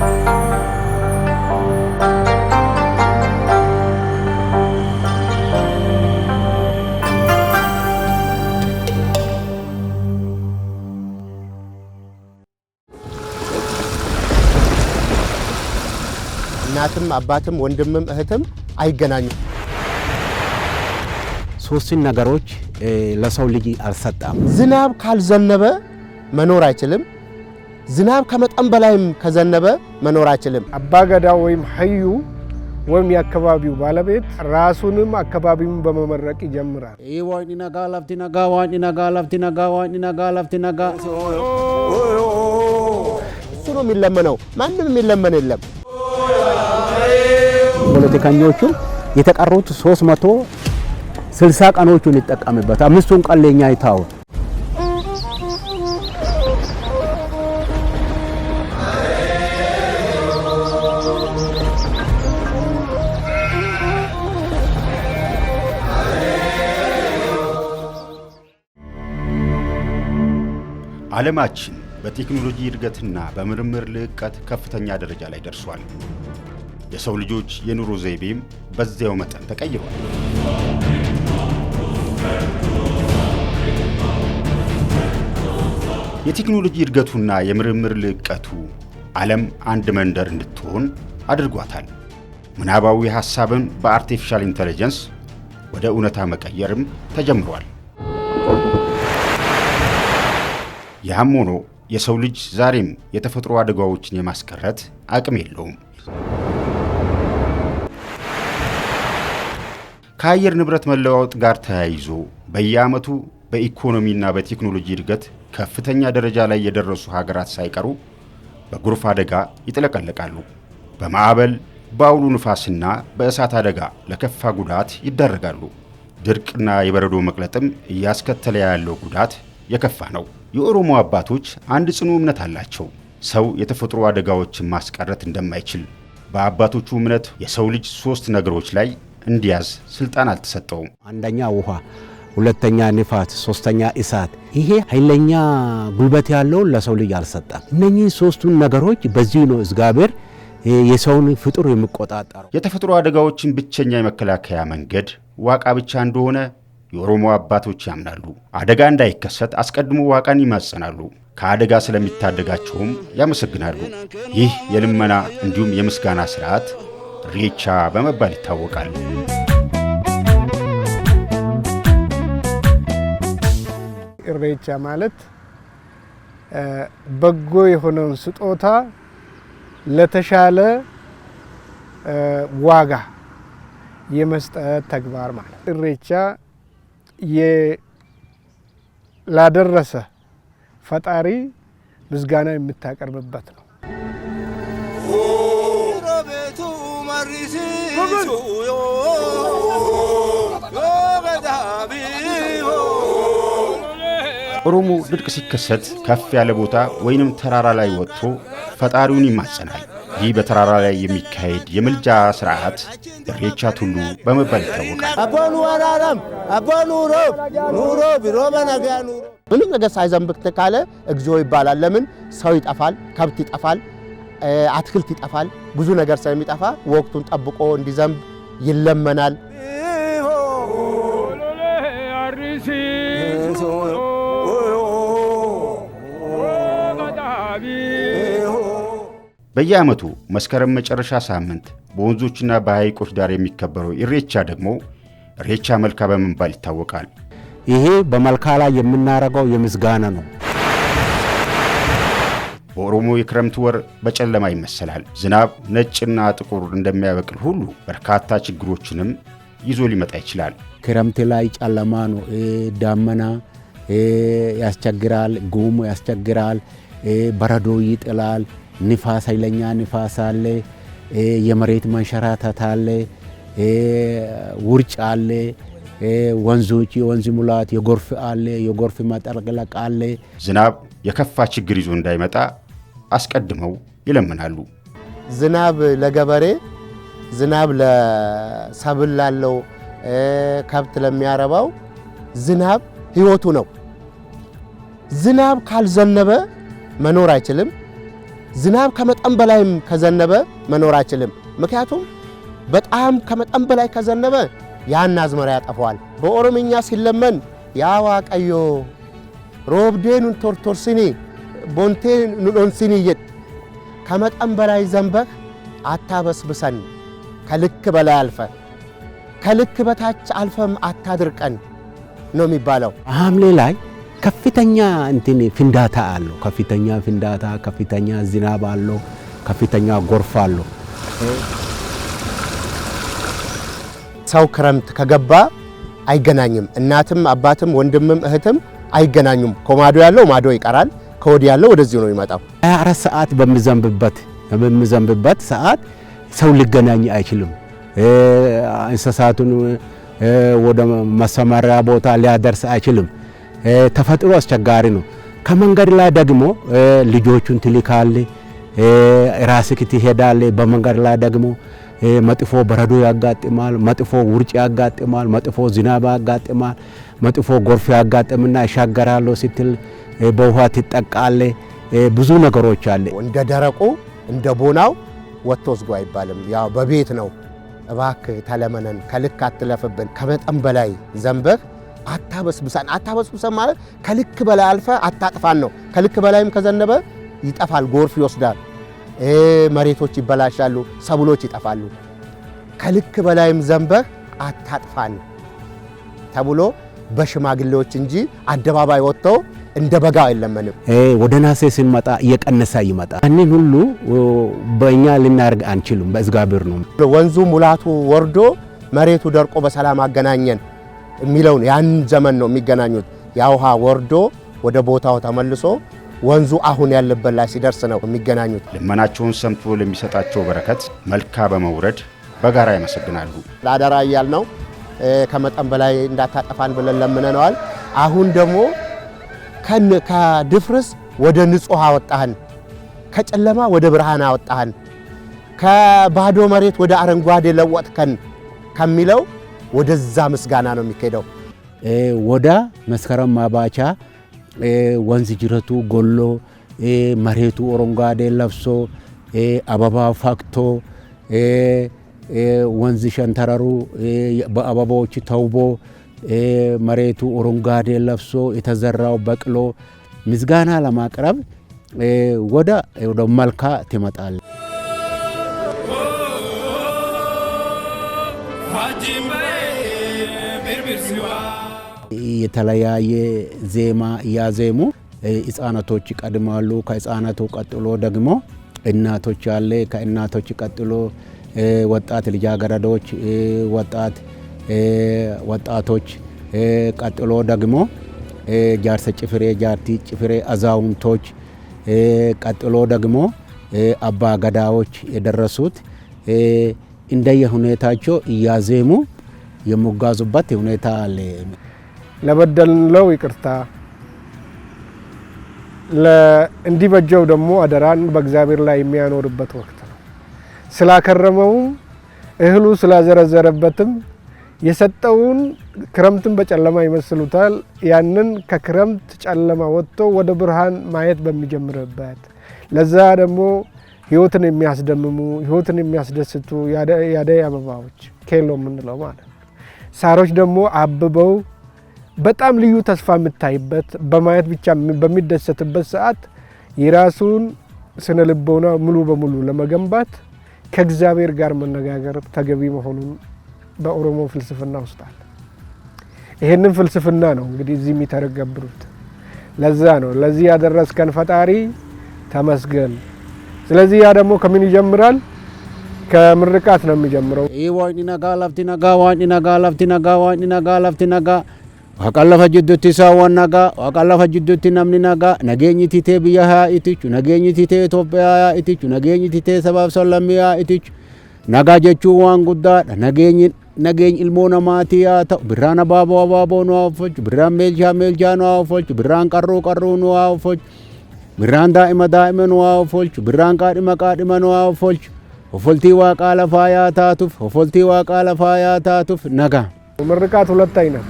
እናትም አባትም ወንድምም እህትም አይገናኙም። ሶስቱን ነገሮች ለሰው ልጅ አልሰጣም። ዝናብ ካልዘነበ መኖር አይችልም። ዝናብ ከመጠን በላይም ከዘነበ መኖር አይችልም። አባገዳ ወይም ሀዩ ወይም የአካባቢው ባለቤት ራሱንም አካባቢውን በመመረቅ ይጀምራል። ዋኒነጋ ነጋ ዋኒነጋ ነጋ ዋኒነጋ እሱ ነው የሚለመነው። ማንም የሚለመን የለም። ፖለቲከኞቹ የተቀሩት 360 ቀኖቹን ይጠቀምበት፣ አምስቱን ቀን ለኛ ይተው። ዓለማችን በቴክኖሎጂ እድገትና በምርምር ልዕቀት ከፍተኛ ደረጃ ላይ ደርሷል። የሰው ልጆች የኑሮ ዘይቤም በዚያው መጠን ተቀይሯል። የቴክኖሎጂ እድገቱና የምርምር ልዕቀቱ ዓለም አንድ መንደር እንድትሆን አድርጓታል። ምናባዊ ሐሳብን በአርቲፊሻል ኢንተለጀንስ ወደ እውነታ መቀየርም ተጀምሯል። ያም ሆኖ የሰው ልጅ ዛሬም የተፈጥሮ አደጋዎችን የማስቀረት አቅም የለውም። ከአየር ንብረት መለዋወጥ ጋር ተያይዞ በየዓመቱ በኢኮኖሚና በቴክኖሎጂ እድገት ከፍተኛ ደረጃ ላይ የደረሱ ሀገራት ሳይቀሩ በጎርፍ አደጋ ይጥለቀለቃሉ። በማዕበል በአውሉ ንፋስና በእሳት አደጋ ለከፋ ጉዳት ይዳረጋሉ። ድርቅና የበረዶ መቅለጥም እያስከተለ ያለው ጉዳት የከፋ ነው። የኦሮሞ አባቶች አንድ ጽኑ እምነት አላቸው። ሰው የተፈጥሮ አደጋዎችን ማስቀረት እንደማይችል። በአባቶቹ እምነት የሰው ልጅ ሶስት ነገሮች ላይ እንዲያዝ ስልጣን አልተሰጠውም። አንደኛ ውሃ፣ ሁለተኛ ንፋስ፣ ሶስተኛ እሳት። ይሄ ኃይለኛ ጉልበት ያለውን ለሰው ልጅ አልሰጠም። እነኚህ ሶስቱን ነገሮች በዚህ ነው እግዚአብሔር የሰውን ፍጡር የሚቆጣጠረው። የተፈጥሮ አደጋዎችን ብቸኛ የመከላከያ መንገድ ዋቃ ብቻ እንደሆነ የኦሮሞ አባቶች ያምናሉ። አደጋ እንዳይከሰት አስቀድሞ ዋቃን ይማጸናሉ። ከአደጋ ስለሚታደጋቸውም ያመሰግናሉ። ይህ የልመና እንዲሁም የምስጋና ስርዓት ሬቻ በመባል ይታወቃል። ሬቻ ማለት በጎ የሆነውን ስጦታ ለተሻለ ዋጋ የመስጠት ተግባር ማለት ኢሬቻ ላደረሰ ፈጣሪ ምስጋና የምታቀርብበት ነው። ኦሮሞ ድርቅ ሲከሰት ከፍ ያለ ቦታ ወይንም ተራራ ላይ ወጥቶ ፈጣሪውን ይማጸናል። ይህ በተራራ ላይ የሚካሄድ የምልጃ ስርዓት ኢሬቻ ቱሉ በመባል ይታወቃል። አቦኑ አቦኑ ሮብ ኑሮ ቢሮመ ነገ ኑሮ ምንም ነገር ሳይዘንብክ ካለ እግዚኦ ይባላል። ለምን ሰው ይጠፋል፣ ከብት ይጠፋል፣ አትክልት ይጠፋል። ብዙ ነገር ስለሚጠፋ ወቅቱን ጠብቆ እንዲዘንብ ይለመናል። በየዓመቱ መስከረም መጨረሻ ሳምንት በወንዞችና በሐይቆች ዳር የሚከበረው ኢሬቻ ደግሞ ኢሬቻ መልካ በመባል ይታወቃል። ይሄ በመልካ ላይ የምናደርገው የምስጋና ነው። በኦሮሞ የክረምት ወር በጨለማ ይመሰላል። ዝናብ ነጭና ጥቁር እንደሚያበቅል ሁሉ በርካታ ችግሮችንም ይዞ ሊመጣ ይችላል። ክረምት ላይ ጨለማ ነው። ዳመና ያስቸግራል፣ ጉሙ ያስቸግራል፣ በረዶ ይጥላል። ንፋስ፣ ኃይለኛ ንፋስ አለ፣ የመሬት መንሸራተት አለ፣ ውርጭ አለ፣ ወንዞች፣ የወንዝ ሙላት፣ የጎርፍ አለ፣ የጎርፍ መጥለቅለቅ አለ። ዝናብ የከፋ ችግር ይዞ እንዳይመጣ አስቀድመው ይለምናሉ። ዝናብ ለገበሬ ዝናብ ለሰብል ላለው ከብት ለሚያረባው ዝናብ ህይወቱ ነው። ዝናብ ካልዘነበ መኖር አይችልም። ዝናብ ከመጠን በላይም ከዘነበ መኖር አይችልም። ምክንያቱም በጣም ከመጠን በላይ ከዘነበ ያን አዝመራ ያጠፈዋል። በኦሮምኛ ሲለመን ያዋቀዮ ሮብዴኑን ቶርቶርሲኒ ቦንቴ ኑዶንስኒ የት ከመጠን በላይ ዘንበህ አታበስብሰን፣ ከልክ በላይ አልፈ ከልክ በታች አልፈም አታድርቀን ነው የሚባለው ሐምሌ ላይ ከፍተኛ እንትን ፍንዳታ አለው። ከፍተኛ ፍንዳታ፣ ከፍተኛ ዝናብ አለው፣ ከፍተኛ ጎርፍ አለው። ሰው ክረምት ከገባ አይገናኝም። እናትም አባትም ወንድምም እህትም አይገናኙም። ከማዶ ያለው ማዶ ይቀራል፣ ከወዲ ያለው ወደዚህ ነው ይመጣው። 24 ሰዓት በሚዘንብበት በሚዘንብበት ሰዓት ሰው ሊገናኝ አይችልም። እንስሳቱን ወደ መሰማሪያ ቦታ ሊያደርስ አይችልም። ተፈጥሮ አስቸጋሪ ነው። ከመንገድ ላይ ደግሞ ልጆቹን ትልካል፣ ራስክ ትሄዳል። በመንገድ ላይ ደግሞ መጥፎ በረዶ ያጋጥማል፣ መጥፎ ውርጭ ያጋጥማል፣ መጥፎ ዝናብ ያጋጥማል፣ መጥፎ ጎርፍ ያጋጥምና ይሻገራለሁ ስትል በውሃ ትጠቃል። ብዙ ነገሮች አለ። እንደ ደረቁ እንደ ቦናው ወጥቶ ዝጎ አይባልም። ያው በቤት ነው። እባክህ ተለመነን፣ ከልክ አትለፍብን፣ ከመጠን በላይ ዘንበህ አታበስብሳን። አታበስብሰን ማለት ከልክ በላይ አልፈ አታጥፋን ነው። ከልክ በላይም ከዘነበ ይጠፋል፣ ጎርፍ ይወስዳል፣ መሬቶች ይበላሻሉ፣ ሰብሎች ይጠፋሉ። ከልክ በላይም ዘንበህ አታጥፋን ተብሎ በሽማግሌዎች እንጂ አደባባይ ወጥተው እንደ በጋ አይለመንም። ወደ ናሴ ስንመጣ እየቀነሰ ይመጣ። እንን ሁሉ በእኛ ልናደርግ አንችልም፣ በእግዚአብሔር ነው። ወንዙ ሙላቱ ወርዶ መሬቱ ደርቆ በሰላም አገናኘን። የሚለውን ያን ዘመን ነው የሚገናኙት። ያ ውሃ ወርዶ ወደ ቦታው ተመልሶ ወንዙ አሁን ያለበት ላይ ሲደርስ ነው የሚገናኙት። ልመናቸውን ሰምቶ ለሚሰጣቸው በረከት መልካ በመውረድ በጋራ ያመሰግናሉ። ለአደራ እያል ነው ከመጠን በላይ እንዳታጠፋን ብለን ለምነነዋል። አሁን ደግሞ ከድፍርስ ወደ ንጹሕ አወጣህን፣ ከጨለማ ወደ ብርሃን አወጣህን፣ ከባዶ መሬት ወደ አረንጓዴ ለወጥከን ከሚለው ወደዛ ምስጋና ነው የሚካሄደው። ወዳ መስከረም ማባቻ ወንዝ ጅረቱ ጎሎ መሬቱ ኦሮንጓዴ ለብሶ አበባ ፋክቶ ወንዝ ሸንተረሩ በአበባዎች ተውቦ መሬቱ ኦረንጓዴ ለብሶ የተዘራው በቅሎ ምስጋና ለማቅረብ ወደ ወደ መልካ ትመጣል። የተለያየ ዜማ እያዜሙ ህጻናቶች ይቀድማሉ። ከህጻናቱ ቀጥሎ ደግሞ እናቶች አለ። ከእናቶች ቀጥሎ ወጣት ልጃገረዶች፣ ወጣት ወጣቶች ቀጥሎ ደግሞ ጃርሰ ጭፍሬ፣ ጃርቲ ጭፍሬ አዛውንቶች ቀጥሎ ደግሞ አባ ገዳዎች የደረሱት እንደየ ሁኔታቸው እያዜሙ የሚጓዙበት ሁኔታ አለ። ለበደልነው ይቅርታ እንዲበጀው ደግሞ አደራን በእግዚአብሔር ላይ የሚያኖርበት ወቅት ነው። ስላከረመውም እህሉ ስላዘረዘረበትም የሰጠውን ክረምትን በጨለማ ይመስሉታል። ያንን ከክረምት ጨለማ ወጥቶ ወደ ብርሃን ማየት በሚጀምርበት ለዛ ደግሞ ህይወትን የሚያስደምሙ ህይወትን የሚያስደስቱ ያደይ አበባዎች ኬሎ የምንለው ማለት ነው። ሳሮች ደግሞ አብበው በጣም ልዩ ተስፋ የምታይበት በማየት ብቻ በሚደሰትበት ሰዓት የራሱን ስነ ልቦና ሙሉ በሙሉ ለመገንባት ከእግዚአብሔር ጋር መነጋገር ተገቢ መሆኑን በኦሮሞ ፍልስፍና ውስጥ አለ። ይህንን ፍልስፍና ነው እንግዲህ እዚህ የሚተረገብሩት። ለዛ ነው ለዚህ ያደረስከን ፈጣሪ ተመስገን። ስለዚህ ያ ደግሞ ከምን ይጀምራል? ከምርቃት ነው የሚጀምረው። ይህ ነጋ ላፍቲ ነጋ ዋኒ ነጋ ላፍቲ ነጋ ዋኒ ነጋ ላፍቲ ነጋ ዋቃለፈ ጅዱቲ ሳዋን ነጋ ዋቃለፈ ጅዱቲ ነምኒ ነጋ ነገኝቲቴ ብያ ሀያ ኢትቹ ነገኝቲቴ ኢትዮጵያ ሀያ ኢትቹ ነገኝቲቴ ሰባብ ሰለሚ ሀያ ኢትቹ ነጋ ጀቹ ዋን ጉዳ ነገኝ ነገኝ ኢልሞ ነማቲ ያተ ብራን አባቦ አባቦ ኑ አውፎች ብራን ሜልቻ ሜልቻ ኑ አውፎች ብራን ቀሩ ቀሩ ኑ አውፎች ብራን ዳኢመ ዳኢመ ኑ አውፎች ብራን ቃድመ ቃድመ ኑ አውፎች ሆፎልቲ ዋቃ ለፋ ያታቱፍ ሆፎልቲ ዋቃ ለፋ ያታቱፍ ነጋ ምርቃት ሁለት አይነት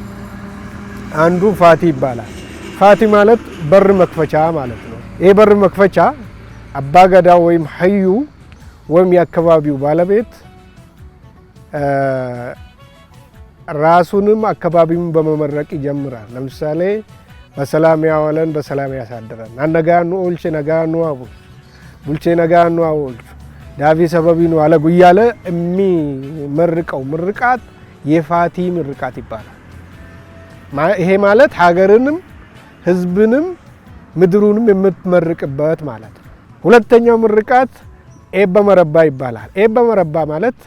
አንዱ ፋቲ ይባላል። ፋቲ ማለት በር መክፈቻ ማለት ነው። ይህ በር መክፈቻ አባገዳ ወይም ሀዩ ወይም የአካባቢው ባለቤት ራሱንም አካባቢውን በመመረቅ ይጀምራል። ለምሳሌ በሰላም ያዋለን በሰላም ያሳድረን። አነጋኑ ኦልቼ ነጋኑ አቡ ቡልቼ ነጋኑ አቡ ዳቪ ሰበቢ ነው አለጉ እያለ የሚመርቀው ምርቃት የፋቲ ምርቃት ይባላል። ይሄ ማለት ሀገርንም ህዝብንም ምድሩንም የምትመርቅበት ማለት ነው። ሁለተኛው ምርቃት ኤበ መረባ ይባላል። ኤበ መረባ ማለት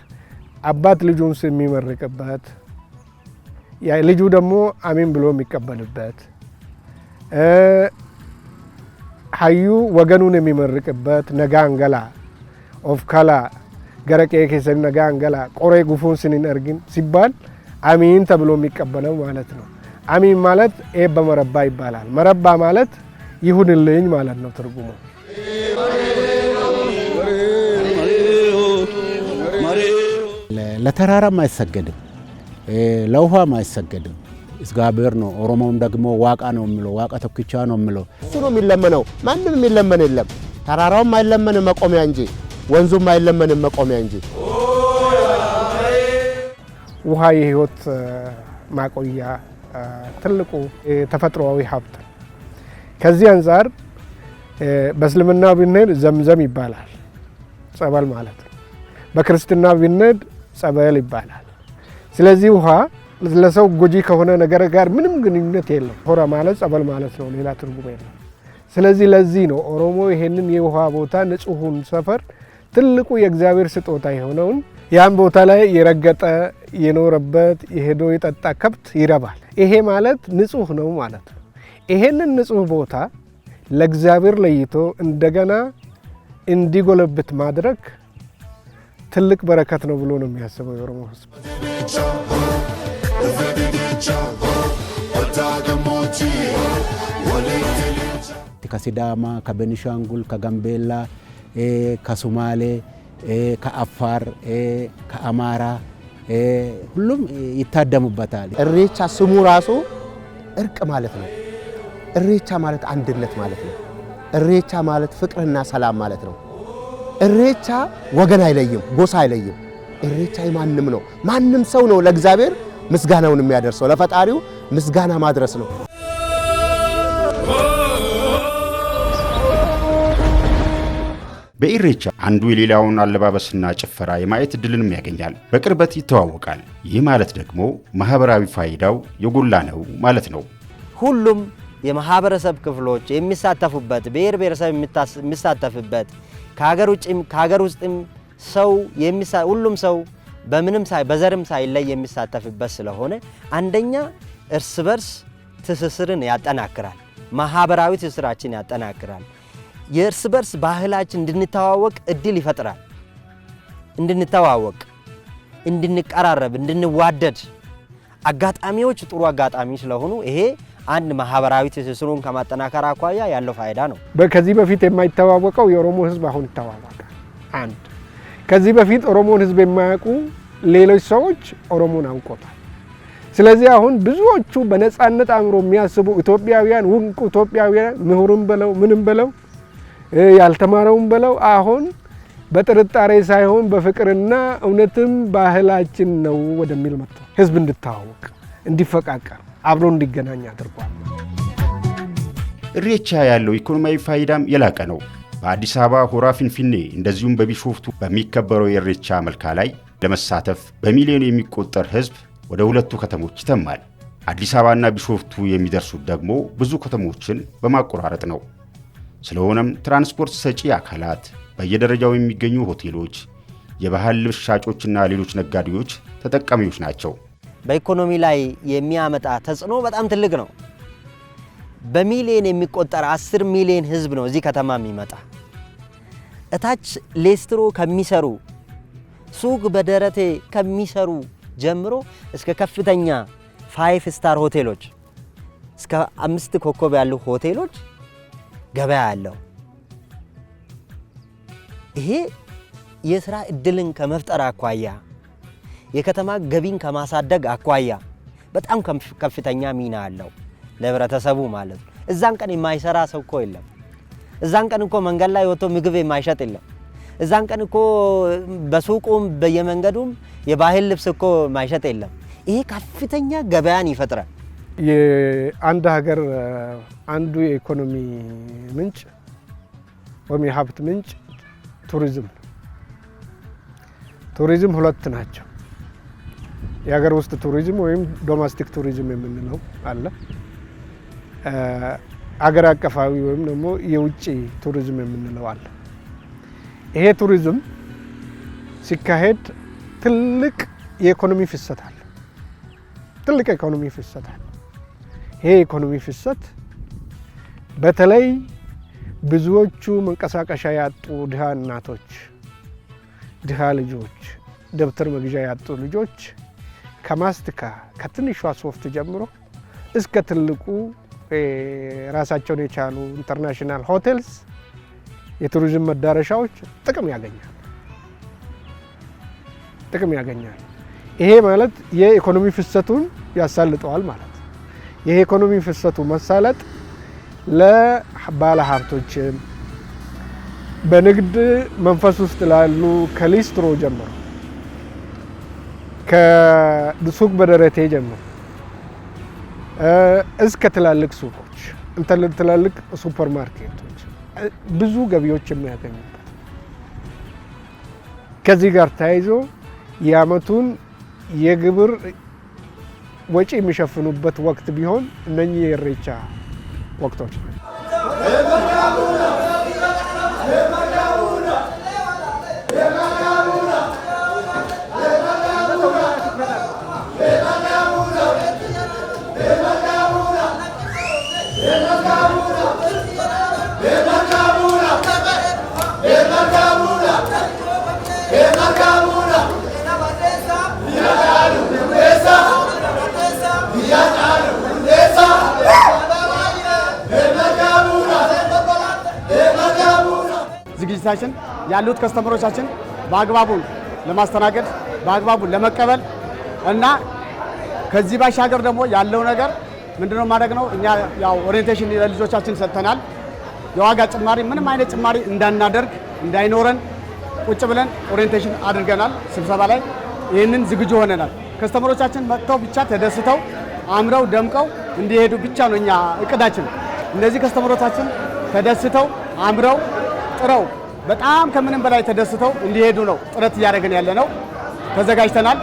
አባት ልጁን የሚመርቅበት፣ ልጁ ደግሞ አሚን ብሎ የሚቀበልበት፣ ሀዩ ወገኑን የሚመርቅበት ነጋ አንገላ of kalaa gara qe'ee keessan nagaan galaa qoree gufuun sinin argin ሲባል አሚን ተብሎ የሚቀበለው ማለት ነው። አሚን ማለት ኤ በመረባ ይባላል። መረባ ማለት ይሁንልኝ ማለት ነው ትርጉሙ። ለተራራም አይሰገድም፣ ለውሃም አይሰገድም። እግዚአብሔር ነው። ኦሮሞውም ደግሞ ዋቃ ነው የሚለው፣ ዋቃ ተኩቻ ነው የሚለው። እሱ ነው የሚለመነው። ማንም የሚለመን የለም። ተራራውም አይለመን መቆሚያ እንጂ ወንዙም አይለመንም መቆሚያ እንጂ። ውሃ የህይወት ማቆያ ትልቁ ተፈጥሮዊ ሀብት ከዚህ አንጻር በእስልምና ብንሄድ ዘምዘም ይባላል፣ ጸበል ማለት ነው። በክርስትና ብንሄድ ጸበል ይባላል። ስለዚህ ውሃ ለሰው ጎጂ ከሆነ ነገር ጋር ምንም ግንኙነት የለም። ሆረ ማለት ጸበል ማለት ነው፣ ሌላ ትርጉም የለም። ስለዚህ ለዚህ ነው ኦሮሞ ይሄንን የውሃ ቦታ ንጹሁን ሰፈር ትልቁ የእግዚአብሔር ስጦታ የሆነውን ያን ቦታ ላይ የረገጠ የኖረበት የሄዶ የጠጣ ከብት ይረባል። ይሄ ማለት ንጹህ ነው ማለት ነው። ይሄንን ንጹህ ቦታ ለእግዚአብሔር ለይቶ እንደገና እንዲጎለብት ማድረግ ትልቅ በረከት ነው ብሎ ነው የሚያስበው የኦሮሞ ህዝብ። ከሲዳማ፣ ከቤኒሻንጉል፣ ከጋምቤላ ከሶማሌ፣ ከአፋር፣ ከአማራ ሁሉም ይታደሙበታል። እሬቻ ስሙ ራሱ እርቅ ማለት ነው። እሬቻ ማለት አንድነት ማለት ነው። እሬቻ ማለት ፍቅርና ሰላም ማለት ነው። እሬቻ ወገን አይለይም፣ ጎሳ አይለይም። እሬቻ የማንም ነው። ማንም ሰው ነው ለእግዚአብሔር ምስጋናውን የሚያደርሰው ለፈጣሪው ምስጋና ማድረስ ነው። በኢሬቻ አንዱ የሌላውን አለባበስና ጭፈራ የማየት እድልንም ያገኛል፣ በቅርበት ይተዋወቃል። ይህ ማለት ደግሞ ማህበራዊ ፋይዳው የጎላ ነው ማለት ነው። ሁሉም የማህበረሰብ ክፍሎች የሚሳተፉበት ብሔር ብሔረሰብ የሚሳተፍበት ከሀገር ውጭም ከሀገር ውስጥም ሰው ሁሉም ሰው በምንም ሳይ በዘርም ሳይለይ የሚሳተፍበት ስለሆነ አንደኛ እርስ በርስ ትስስርን ያጠናክራል። ማህበራዊ ትስስራችን ያጠናክራል። የእርስ በርስ ባህላችን እንድንተዋወቅ እድል ይፈጥራል። እንድንተዋወቅ፣ እንድንቀራረብ፣ እንድንዋደድ አጋጣሚዎች ጥሩ አጋጣሚ ስለሆኑ ይሄ አንድ ማህበራዊ ትስስሩን ከማጠናከር አኳያ ያለው ፋይዳ ነው። ከዚህ በፊት የማይተዋወቀው የኦሮሞ ህዝብ አሁን ይተዋወቃል። አንድ ከዚህ በፊት ኦሮሞን ህዝብ የማያውቁ ሌሎች ሰዎች ኦሮሞን አውቆታል። ስለዚህ አሁን ብዙዎቹ በነፃነት አእምሮ የሚያስቡ ኢትዮጵያውያን ውንቅ ኢትዮጵያውያን ምሁርም ብለው ምንም ብለው ያልተማረውን በለው አሁን በጥርጣሬ ሳይሆን በፍቅርና እውነትም ባህላችን ነው ወደሚል መጥቶ ህዝብ እንድታዋወቅ እንዲፈቃቀር አብሮ እንዲገናኝ አድርጓል። እሬቻ ያለው ኢኮኖሚያዊ ፋይዳም የላቀ ነው። በአዲስ አበባ ሆራ ፊንፊኔ እንደዚሁም በቢሾፍቱ በሚከበረው የእሬቻ መልካ ላይ ለመሳተፍ በሚሊዮን የሚቆጠር ህዝብ ወደ ሁለቱ ከተሞች ይተማል። አዲስ አበባና ቢሾፍቱ የሚደርሱት ደግሞ ብዙ ከተሞችን በማቆራረጥ ነው። ስለሆነም ትራንስፖርት ሰጪ አካላት፣ በየደረጃው የሚገኙ ሆቴሎች፣ የባህል ልብስ ሻጮችና ሌሎች ነጋዴዎች ተጠቃሚዎች ናቸው። በኢኮኖሚ ላይ የሚያመጣ ተጽዕኖ በጣም ትልቅ ነው። በሚሊዮን የሚቆጠር 10 ሚሊዮን ህዝብ ነው እዚህ ከተማ የሚመጣ። እታች ሌስትሮ ከሚሰሩ ሱቅ በደረቴ ከሚሰሩ ጀምሮ እስከ ከፍተኛ ፋይፍ ስታር ሆቴሎች እስከ አምስት ኮከብ ያሉ ሆቴሎች ገበያ አለው። ይሄ የስራ እድልን ከመፍጠር አኳያ የከተማ ገቢን ከማሳደግ አኳያ በጣም ከፍተኛ ሚና አለው ለህብረተሰቡ ማለት ነው። እዛን ቀን የማይሰራ ሰው እኮ የለም። እዛን ቀን እኮ መንገድ ላይ ወጥቶ ምግብ የማይሸጥ የለም። እዛን ቀን እኮ በሱቁም በየመንገዱም የባህል ልብስ እኮ የማይሸጥ የለም። ይሄ ከፍተኛ ገበያን ይፈጥራል። የአንድ ሀገር አንዱ የኢኮኖሚ ምንጭ ወይም የሀብት ምንጭ ቱሪዝም ነው። ቱሪዝም ሁለት ናቸው። የሀገር ውስጥ ቱሪዝም ወይም ዶማስቲክ ቱሪዝም የምንለው አለ። አገር አቀፋዊ ወይም ደግሞ የውጭ ቱሪዝም የምንለው አለ። ይሄ ቱሪዝም ሲካሄድ ትልቅ የኢኮኖሚ ፍሰት አለ። ትልቅ የኢኮኖሚ ፍሰት አለ። ይሄ የኢኮኖሚ ፍሰት በተለይ ብዙዎቹ መንቀሳቀሻ ያጡ ድሃ እናቶች፣ ድሃ ልጆች፣ ደብተር መግዣ ያጡ ልጆች ከማስቲካ ከትንሿ ሶፍት ጀምሮ እስከ ትልቁ ራሳቸውን የቻሉ ኢንተርናሽናል ሆቴልስ፣ የቱሪዝም መዳረሻዎች ጥቅም ያገኛል ጥቅም ያገኛል። ይሄ ማለት የኢኮኖሚ ፍሰቱን ያሳልጠዋል ማለት ነው። የኢኮኖሚ ፍሰቱ መሳለጥ ለባለ ሀብቶችም በንግድ መንፈስ ውስጥ ላሉ ከሊስትሮ ጀምሮ ከሱቅ በደረቴ ጀምሮ እስከ ትላልቅ ሱቆች ትላልቅ ሱፐር ማርኬቶች ብዙ ገቢዎች የሚያገኙበት ከዚህ ጋር ተያይዞ የአመቱን የግብር ወጪ የሚሸፍኑበት ወቅት ቢሆን እነኚህ የኢሬቻ ወቅቶች ድርጅታችን ያሉት ከስተመሮቻችን በአግባቡ ለማስተናገድ በአግባቡ ለመቀበል እና ከዚህ ባሻገር ደግሞ ያለው ነገር ምንድነው ማድረግ ነው። እኛ ያው ኦሪየንቴሽን ለልጆቻችን ሰጥተናል። የዋጋ ጭማሪ ምንም አይነት ጭማሪ እንዳናደርግ እንዳይኖረን ቁጭ ብለን ኦሪየንቴሽን አድርገናል። ስብሰባ ላይ ይህንን ዝግጁ ሆነናል። ከስተመሮቻችን መጥተው ብቻ ተደስተው አምረው ደምቀው እንዲሄዱ ብቻ ነው እኛ እቅዳችን። እነዚህ ከስተመሮቻችን ተደስተው አምረው ጥረው በጣም ከምንም በላይ ተደስተው እንዲሄዱ ነው ጥረት እያደረግን ያለ ነው። ተዘጋጅተናል።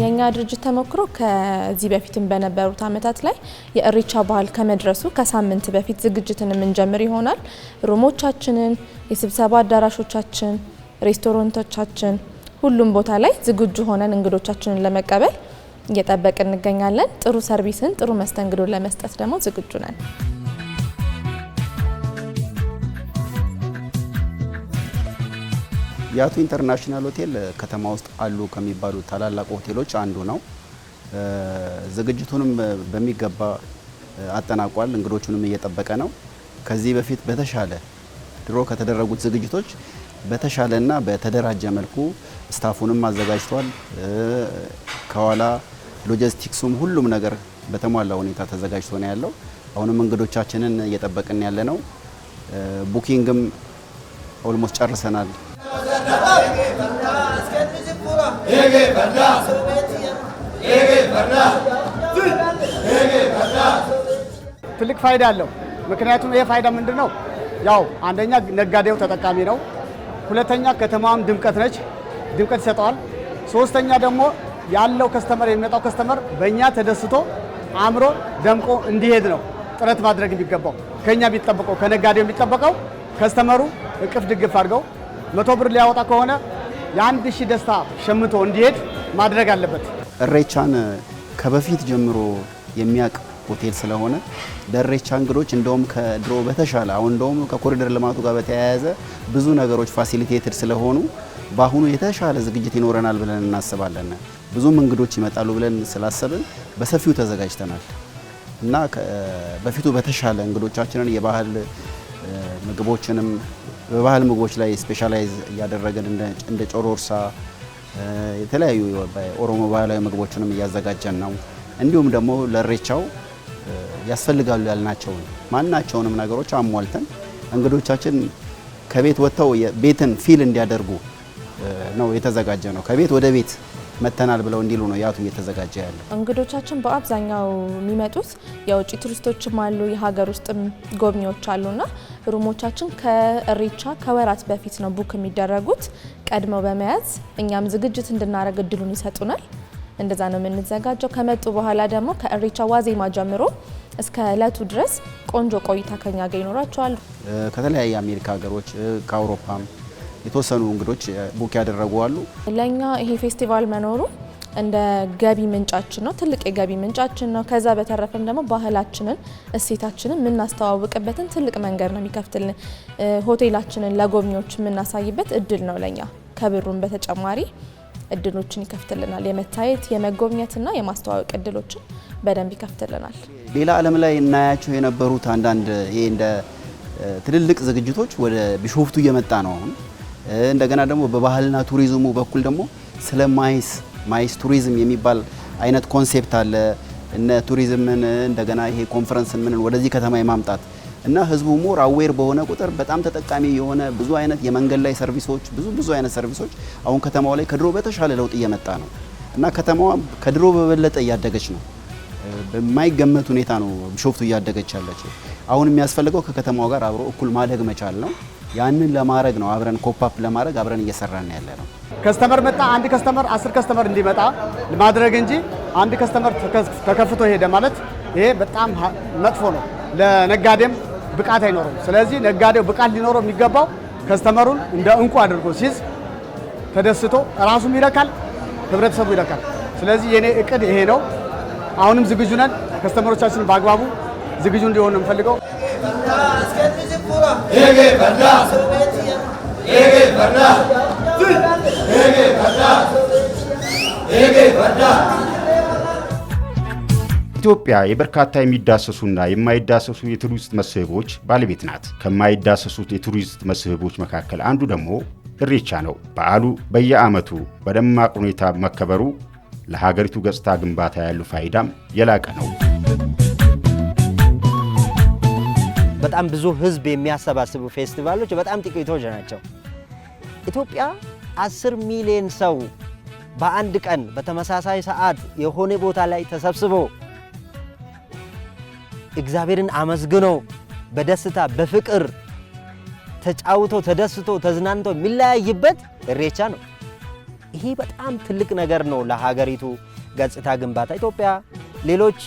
የእኛ ድርጅት ተሞክሮ ከዚህ በፊትም በነበሩት ዓመታት ላይ የእሬቻ ባህል ከመድረሱ ከሳምንት በፊት ዝግጅትን የምንጀምር ይሆናል። ሩሞቻችንን፣ የስብሰባ አዳራሾቻችን፣ ሬስቶራንቶቻችን ሁሉም ቦታ ላይ ዝግጁ ሆነን እንግዶቻችንን ለመቀበል እየጠበቅ እንገኛለን። ጥሩ ሰርቪስን፣ ጥሩ መስተንግዶ ለመስጠት ደግሞ ዝግጁ ነን። የአቶ ኢንተርናሽናል ሆቴል ከተማ ውስጥ አሉ ከሚባሉ ታላላቅ ሆቴሎች አንዱ ነው። ዝግጅቱንም በሚገባ አጠናቋል። እንግዶቹንም እየጠበቀ ነው። ከዚህ በፊት በተሻለ ድሮ ከተደረጉት ዝግጅቶች በተሻለና በተደራጀ መልኩ ስታፉንም አዘጋጅቷል። ከኋላ ሎጂስቲክሱም ሁሉም ነገር በተሟላ ሁኔታ ተዘጋጅቶ ነው ያለው። አሁንም እንግዶቻችንን እየጠበቅን ያለ ነው። ቡኪንግም ኦልሞስት ጨርሰናል። ትልቅ ፋይዳ አለው። ምክንያቱም ይህ ፋይዳ ምንድን ነው? ያው አንደኛ ነጋዴው ተጠቃሚ ነው። ሁለተኛ ከተማም ድምቀት ነች፣ ድምቀት ይሰጠዋል። ሶስተኛ ደግሞ ያለው ከስተመር የሚመጣው ከስተመር በእኛ ተደስቶ አምሮ ደምቆ እንዲሄድ ነው ጥረት ማድረግ የሚገባው። ከኛ የሚጠበቀው ከነጋዴው የሚጠበቀው ከስተመሩ እቅፍ ድግፍ አድርገው መቶ ብር ሊያወጣ ከሆነ የአንድ ሺህ ደስታ ሸምቶ እንዲሄድ ማድረግ አለበት። እሬቻን ከበፊት ጀምሮ የሚያውቅ ሆቴል ስለሆነ ለእሬቻ እንግዶች እንደውም ከድሮ በተሻለ አሁን እንደውም ከኮሪደር ልማቱ ጋር በተያያዘ ብዙ ነገሮች ፋሲሊቴትድ ስለሆኑ በአሁኑ የተሻለ ዝግጅት ይኖረናል ብለን እናስባለን። ብዙም እንግዶች ይመጣሉ ብለን ስላሰብን በሰፊው ተዘጋጅተናል እና በፊቱ በተሻለ እንግዶቻችንን የባህል ምግቦችንም በባህል ምግቦች ላይ ስፔሻላይዝ እያደረግን እንደ ጮሮርሳ የተለያዩ ኦሮሞ ባህላዊ ምግቦችንም እያዘጋጀን ነው። እንዲሁም ደግሞ ለሬቻው ያስፈልጋሉ ያልናቸውን ማናቸውንም ነገሮች አሟልተን እንግዶቻችን ከቤት ወጥተው ቤትን ፊል እንዲያደርጉ ነው የተዘጋጀ ነው። ከቤት ወደ ቤት መተናል ብለው እንዲሉ ነው ያቱ እየተዘጋጀ ያለ። እንግዶቻችን በአብዛኛው የሚመጡት የውጭ ቱሪስቶችም አሉ፣ የሀገር ውስጥም ጎብኚዎች አሉና ሩሞቻችን ከእሬቻ ከወራት በፊት ነው ቡክ የሚደረጉት ቀድመው በመያዝ እኛም ዝግጅት እንድናደረግ እድሉን ይሰጡናል። እንደዛ ነው የምንዘጋጀው። ከመጡ በኋላ ደግሞ ከእሬቻ ዋዜማ ጀምሮ እስከ እለቱ ድረስ ቆንጆ ቆይታ ከኛ ጋር ይኖራቸዋል። ከተለያየ አሜሪካ ሀገሮች ከአውሮፓም የተወሰኑ እንግዶች ቡክ ያደረጉ አሉ። ለእኛ ይሄ ፌስቲቫል መኖሩ እንደ ገቢ ምንጫችን ነው፣ ትልቅ የገቢ ምንጫችን ነው። ከዛ በተረፈም ደግሞ ባህላችንን፣ እሴታችንን የምናስተዋውቅበትን ትልቅ መንገድ ነው የሚከፍትልን። ሆቴላችንን ለጎብኚዎች የምናሳይበት እድል ነው ለኛ ከብሩን በተጨማሪ እድሎችን ይከፍትልናል። የመታየት የመጎብኘትና የማስተዋወቅ እድሎችን በደንብ ይከፍትልናል። ሌላ ዓለም ላይ እናያቸው የነበሩት አንዳንድ ይሄ እንደ ትልልቅ ዝግጅቶች ወደ ቢሾፍቱ እየመጣ ነው አሁን እንደገና ደግሞ በባህልና ቱሪዝሙ በኩል ደግሞ ስለ ማይስ ማይስ ቱሪዝም የሚባል አይነት ኮንሴፕት አለ። እነ ቱሪዝምን እንደገና ይሄ ኮንፈረንስን ምንን ወደዚህ ከተማ የማምጣት እና ህዝቡ ሞር አዌር በሆነ ቁጥር በጣም ተጠቃሚ የሆነ ብዙ አይነት የመንገድ ላይ ሰርቪሶች ብዙ ብዙ አይነት ሰርቪሶች አሁን ከተማው ላይ ከድሮ በተሻለ ለውጥ እየመጣ ነው እና ከተማዋ ከድሮ በበለጠ እያደገች ነው። በማይገመት ሁኔታ ነው ቢሾፍቱ እያደገች ያለችው። አሁን የሚያስፈልገው ከከተማዋ ጋር አብሮ እኩል ማደግ መቻል ነው። ያንን ለማድረግ ነው አብረን ኮፓፕ ለማድረግ አብረን እየሰራን ያለ ነው። ከስተመር መጣ አንድ ከስተመር አስር ከስተመር እንዲመጣ ማድረግ እንጂ አንድ ከስተመር ተከፍቶ ሄደ ማለት ይሄ በጣም መጥፎ ነው። ለነጋዴም ብቃት አይኖረም። ስለዚህ ነጋዴው ብቃት ሊኖረው የሚገባው ከስተመሩን እንደ እንቁ አድርጎ ሲይዝ ተደስቶ ራሱም ይረካል፣ ህብረተሰቡ ይረካል። ስለዚህ የኔ እቅድ ይሄ ነው። አሁንም ዝግጁ ነን። ከስተመሮቻችን በአግባቡ ዝግጁ እንዲሆን እንፈልገው። የምፈልገው። ኢትዮጵያ የበርካታ የሚዳሰሱና የማይዳሰሱ የቱሪስት መስህቦች ባለቤት ናት። ከማይዳሰሱት የቱሪስት መስህቦች መካከል አንዱ ደግሞ እሬቻ ነው። በዓሉ በየዓመቱ በደማቅ ሁኔታ መከበሩ ለሀገሪቱ ገጽታ ግንባታ ያለው ፋይዳም የላቀ ነው። በጣም ብዙ ህዝብ የሚያሰባስቡ ፌስቲቫሎች በጣም ጥቂቶች ናቸው። ኢትዮጵያ አስር ሚሊዮን ሰው በአንድ ቀን በተመሳሳይ ሰዓት የሆነ ቦታ ላይ ተሰብስቦ እግዚአብሔርን አመስግኖ በደስታ በፍቅር ተጫውቶ ተደስቶ ተዝናንቶ የሚለያይበት እሬቻ ነው። ይሄ በጣም ትልቅ ነገር ነው ለሀገሪቱ ገጽታ ግንባታ። ኢትዮጵያ ሌሎች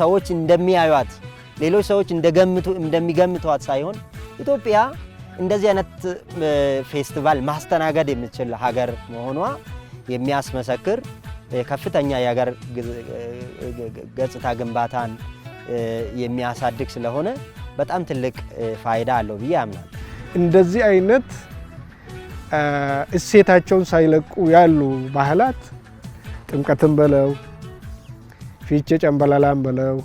ሰዎች እንደሚያዩት ሌሎች ሰዎች እንደሚገምቷት ሳይሆን ኢትዮጵያ እንደዚህ አይነት ፌስቲቫል ማስተናገድ የምትችል ሀገር መሆኗ የሚያስመሰክር ከፍተኛ የሀገር ገጽታ ግንባታን የሚያሳድግ ስለሆነ በጣም ትልቅ ፋይዳ አለው ብዬ አምናል። እንደዚህ አይነት እሴታቸውን ሳይለቁ ያሉ ባህላት ጥምቀትን በለው ፊቼ ጨንበላላን በለው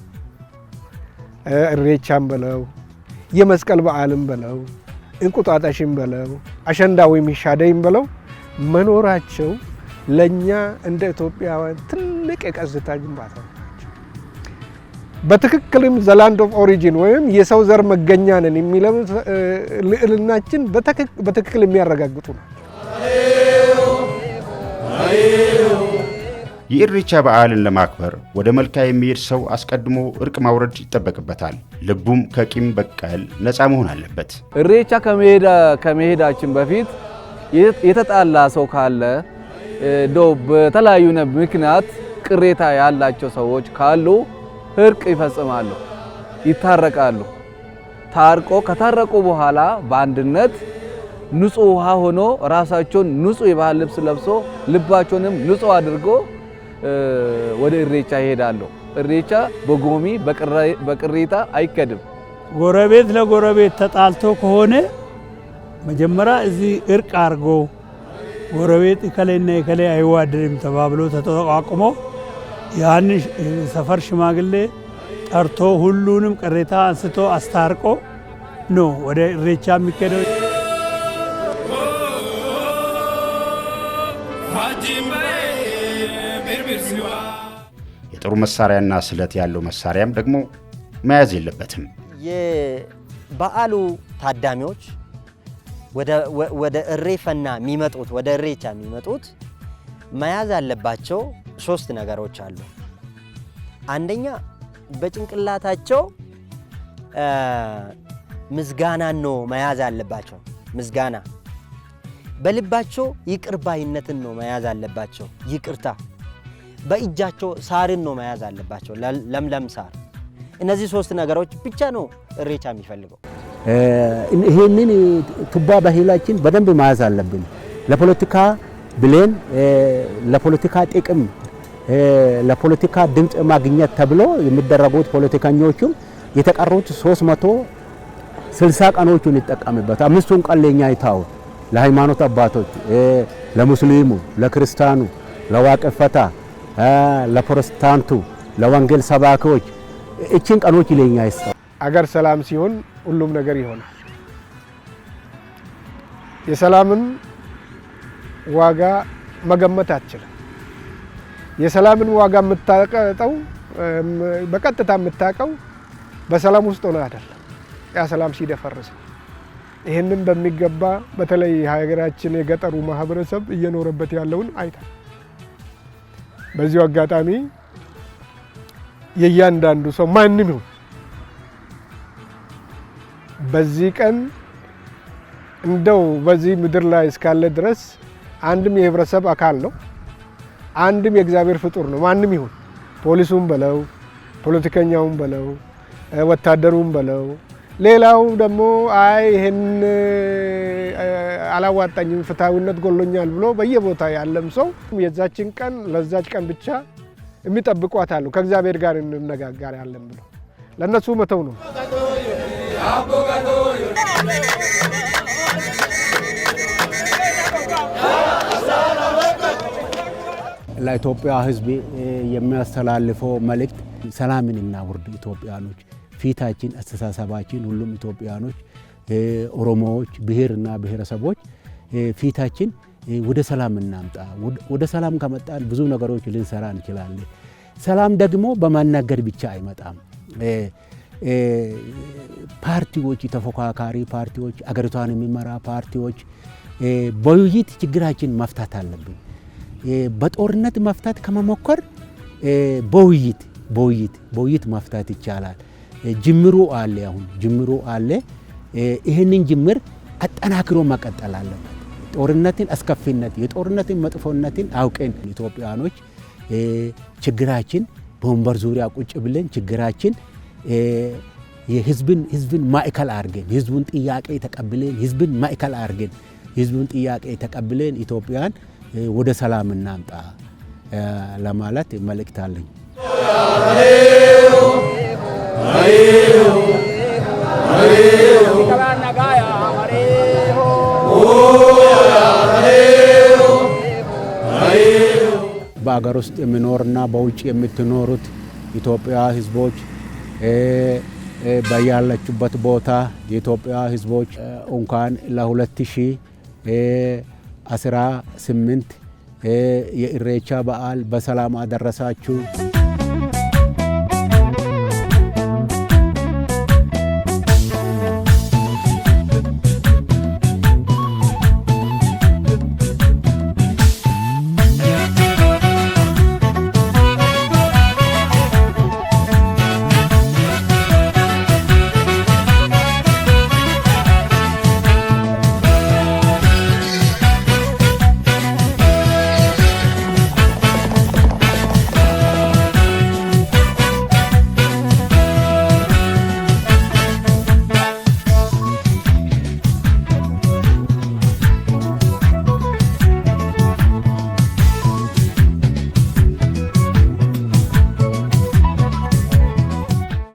እሬቻም በለው የመስቀል በዓልም በለው እንቁጣጣሽም በለው አሸንዳ ወይም ሻደይም በለው መኖራቸው ለእኛ እንደ ኢትዮጵያውያን ትልቅ የቀዝታ ግንባታ ናቸው። በትክክልም ዘላንድ ኦፍ ኦሪጂን ወይም የሰው ዘር መገኛ ነን የሚለው ልዕልናችን በትክክል የሚያረጋግጡ ናቸው። የኢሬቻ በዓልን ለማክበር ወደ መልካ የሚሄድ ሰው አስቀድሞ እርቅ ማውረድ ይጠበቅበታል። ልቡም ከቂም በቀል ነፃ መሆን አለበት። እሬቻ ከመሄዳችን በፊት የተጣላ ሰው ካለ እንደው በተለያዩ ምክንያት ቅሬታ ያላቸው ሰዎች ካሉ እርቅ ይፈጽማሉ፣ ይታረቃሉ። ታርቆ ከታረቁ በኋላ በአንድነት ንጹህ ውሃ ሆኖ ራሳቸውን ንጹህ የባህል ልብስ ለብሶ ልባቸውንም ንጹህ አድርጎ ወደ እሬቻ ይሄዳለሁ። እሬቻ በጎሚ በቅሬታ አይከድም። ጎረቤት ለጎረቤት ተጣልቶ ከሆነ መጀመሪያ እዚህ እርቅ አድርጎ ጎረቤት እከሌና እከሌ አይዋደድም ተባብሎ ተጠቋቁሞ ያን ሰፈር ሽማግሌ ጠርቶ ሁሉንም ቅሬታ አንስቶ አስታርቆ ነው ወደ እሬቻ የሚኬደው። የጦር መሳሪያና ስለት ያለው መሳሪያም ደግሞ መያዝ የለበትም። የበዓሉ ታዳሚዎች ወደ እሬፈና የሚመጡት ወደ እሬቻ የሚመጡት መያዝ ያለባቸው ሶስት ነገሮች አሉ። አንደኛ በጭንቅላታቸው ምዝጋና ነው መያዝ አለባቸው። ምዝጋና በልባቸው ይቅርባይነትን ነው መያዝ አለባቸው። ይቅርታ በእጃቸው ሳርን ነው መያዝ አለባቸው፣ ለምለም ሳር። እነዚህ ሶስት ነገሮች ብቻ ነው እሬቻ የሚፈልገው። ይህንን ቱባ ባህላችን በደንብ መያዝ አለብን። ለፖለቲካ ብሌን ለፖለቲካ ጥቅም ለፖለቲካ ድምፅ ማግኘት ተብሎ የሚደረጉት ፖለቲከኞቹም የተቀሩት 360 ቀኖቹን ይጠቀምበት። አምስቱን ቀን ለኛ ይታው ለሃይማኖት አባቶች፣ ለሙስሊሙ፣ ለክርስቲያኑ፣ ለዋቄ ፈታ ለፕሮቴስታንቱ፣ ለወንጌል ሰባኪዎች እችን ቀኖች ለኛ ይስጠው። አገር ሰላም ሲሆን ሁሉም ነገር ይሆናል። የሰላምን ዋጋ መገመት አትችልም። የሰላምን ዋጋ የምታቀጠው በቀጥታ የምታቀው በሰላም ውስጥ ሆነ አይደለም። ያ ሰላም ሲደፈርስ ይህንን በሚገባ በተለይ ሀገራችን የገጠሩ ማህበረሰብ እየኖረበት ያለውን አይታል። በዚሁ አጋጣሚ የእያንዳንዱ ሰው ማንም ይሁን በዚህ ቀን እንደው በዚህ ምድር ላይ እስካለ ድረስ አንድም የህብረተሰብ አካል ነው፣ አንድም የእግዚአብሔር ፍጡር ነው። ማንም ይሁን ፖሊሱም በለው ፖለቲከኛውም በለው ወታደሩም በለው ሌላው ደግሞ አይ ይህን አላዋጣኝም ፍትሐዊነት ጎሎኛል ብሎ በየቦታ ያለም ሰው የዛችን ቀን ለዛች ቀን ብቻ የሚጠብቋት አሉ። ከእግዚአብሔር ጋር እንነጋገር ያለን ብሎ ለእነሱ መተው ነው። ለኢትዮጵያ ሕዝብ የሚያስተላልፈው መልእክት ሰላምን እናውርድ ኢትዮጵያኖች ፊታችን፣ አስተሳሰባችን ሁሉም ኢትዮጵያኖች፣ ኦሮሞዎች፣ ብሔርና ብሔረሰቦች ፊታችን ወደ ሰላም እናምጣ። ወደ ሰላም ከመጣን ብዙ ነገሮች ልንሰራ እንችላለን። ሰላም ደግሞ በማናገር ብቻ አይመጣም። ፓርቲዎች፣ ተፎካካሪ ፓርቲዎች፣ አገሪቷን የሚመራ ፓርቲዎች በውይይት ችግራችን መፍታት አለብን። በጦርነት መፍታት ከመሞከር በውይይት በውይይት በውይይት መፍታት ይቻላል። ጅምሮ አለ፣ አሁን ጅምሮ አለ። ይህንን ጅምር አጠናክሮ መቀጠል አለበት። ጦርነትን አስከፊነት፣ የጦርነትን መጥፎነትን አውቀን ኢትዮጵያኖች ችግራችን በወንበር ዙሪያ ቁጭ ብለን ችግራችን የህዝብን ህዝብን ማዕከል አድርገን ህዝቡን ጥያቄ ተቀብለን ህዝብን ማዕከል አድርገን ህዝቡን ጥያቄ ተቀብለን ኢትዮጵያን ወደ ሰላም እናምጣ ለማለት መልእክት አለኝ። በሀገር ውስጥ የሚኖርና በውጭ የምትኖሩት ኢትዮጵያ ህዝቦች በያላችሁበት ቦታ የኢትዮጵያ ህዝቦች እንኳን ለ2018 የኢሬቻ በዓል በሰላም አደረሳችሁ።